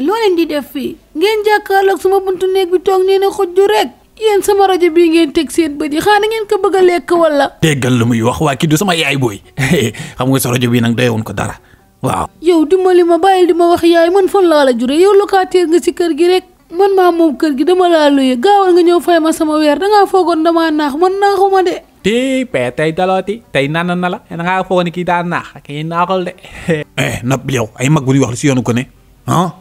yéen loo di def fii ngeen jàkkaarloog sama buntu néeg bi toog nee na xujju rek sama rajo bii ngeen teg seen bët yi xanaa ngeen ko bëgg a lekk wala. déggal lu muy wax waa kii du sama yaay booy xam nga sa rajo bii nag doyewoon ko dara waaw. yow dimbali ma bàyyil di ma wax yaay man fan laa la jure yow locataire nga si kër gi rek man maa moom kër gi dama laa luye gaawal nga ñëw fay ma sama weer dangaa foogoon damaa naax man naaxuma de. ti pe tey dalooti tey nan na la dangaa foog kii daa naax kii naaxal de. eh ay mag bu si yoonu ko ne ah?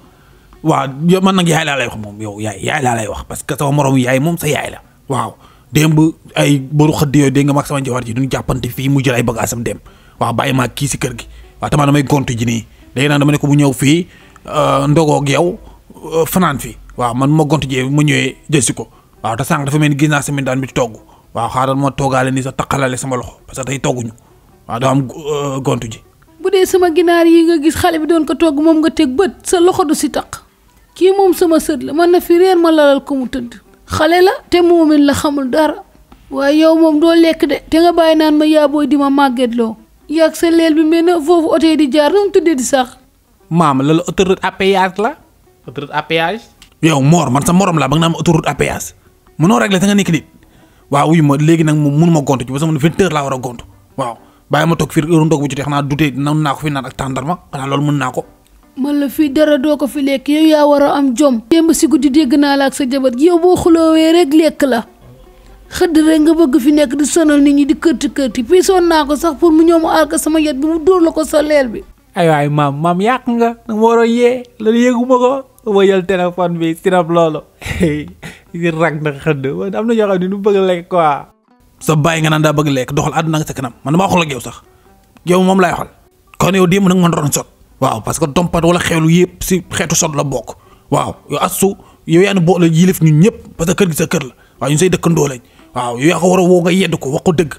waaw yow man nag yaay laa lay wax moom yow yaay yaay laa lay wax parce que sama morom yaay moom sa yaay la waaw démb ay baru xëdd yooyu dégg nga mag sama jabar ji duñ jàppante fii mu jël ay bagaasam dem waaw bàyyi maa kii si kër gi waaw tamaa damay gont ji nii léegi nag dama ne ko bu ñëw fii euh, ndogoog yow euh, fanaan fi waaw man ma gont jee ma ñëwee jësi ko waaw te sànq dafa mel ni gis naa semaine daan bi togg waa xaaral ma toggaale nii sa taqalale sama loxo parce que tey togguñu waaw dama am euh, gont ji bu dee sama ginaar yi nga gis xale bi doon ko togg moom nga teg bët sa loxo du si taq kii moom sama sët la man na fi réer ma lalal ko mu tëdd xale la te moomin la xamul dara waaye yow moom doo lekk de te nga bàyyi naan ma yaa booy di ma màgget loo yàgg sa leel bi mel na foofu oto yi di jaar nu mu tuddee di sax. maam la la autoroute à péage la autoroute à péage. yow Mor man sa morom laa ba nga naan ma autoroute à péage mënoo réglé te nga nekk nit waaw wuyu ma léegi nag moom mënuma gontu ci parce que man vingt heures laa war a gontu waaw bàyyi ma toog fii heure ndogu bu jotee xanaa dute nan naa xanaa loolu mën naa ko. man la fii dara doo ko fi lekk yow yaa war a am jom démb si guddi dégg naa la ak sa jabar yow boo wee rek lekk la xëdd rek nga bëgg fi nekk di sonal nit ñi di kërti kërti naa ko sax mu ñëw mu aar sama yet bi mu dóor la ko sa leel bi ay waay maam maam nga da ma waroon yee loolu yëguma ko ma jël téléphone bi sirab loolu na xëdd am na ñoo xam ne nu nga naan daa bëgg lekk doxal àdduna sa kanam man dama xol ak yow sax yow moom laay xol kon yow démb nag man doon sot waaw parce que dompat wala xeelu yëpp si xeetu sot la bokk waaw yow astu yow yaa ne boo la yilif ñu ñëpp parce que kër gi sa kër la waaw ñun say dëkkandoo lañ waaw yow yaa ko war a woo nga yedd ko wax ko dëgg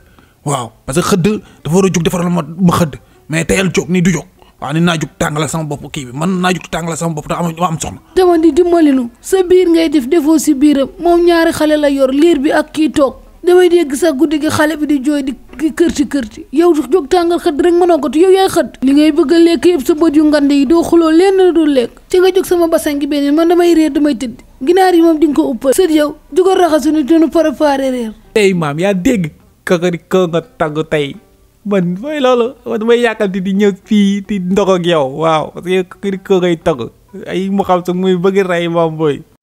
waaw parce que xëdd dafa war a jug defaral ma ma xëdd mais teyal jóg nii du jóg waaw ni naa jug tàngalal sama bopp kii bi man naa jug tàngalal sama bopp te am am soxna. dama di dimbalinu sa biir ngay def defoo si biiram moom ñaari xale la yor liir bi ak kii toog. damay dégg sax guddi gi xale bi di jooy di kër ci kër kërti yow jog tàngal xëdd rek mënoo ko te yow yaay xët li ngay bëgg lekk yëpp sa bët yu ngande yi doo xuloo lenn la dul lekk ci nga jóg sama basan gi beneen man damay réer damay tëdd ginaar yi moom di nga ko uppal di yow jugal raxasu ni dunu préparé réer tey maam yaa dégg kakari ka nga tàgg tey man mooy loolu damay yàkkamti di ñëw fii di ndog ak yow waaw parce que kakari ka ngay tàgg ay mu xam sax muy bëgg rey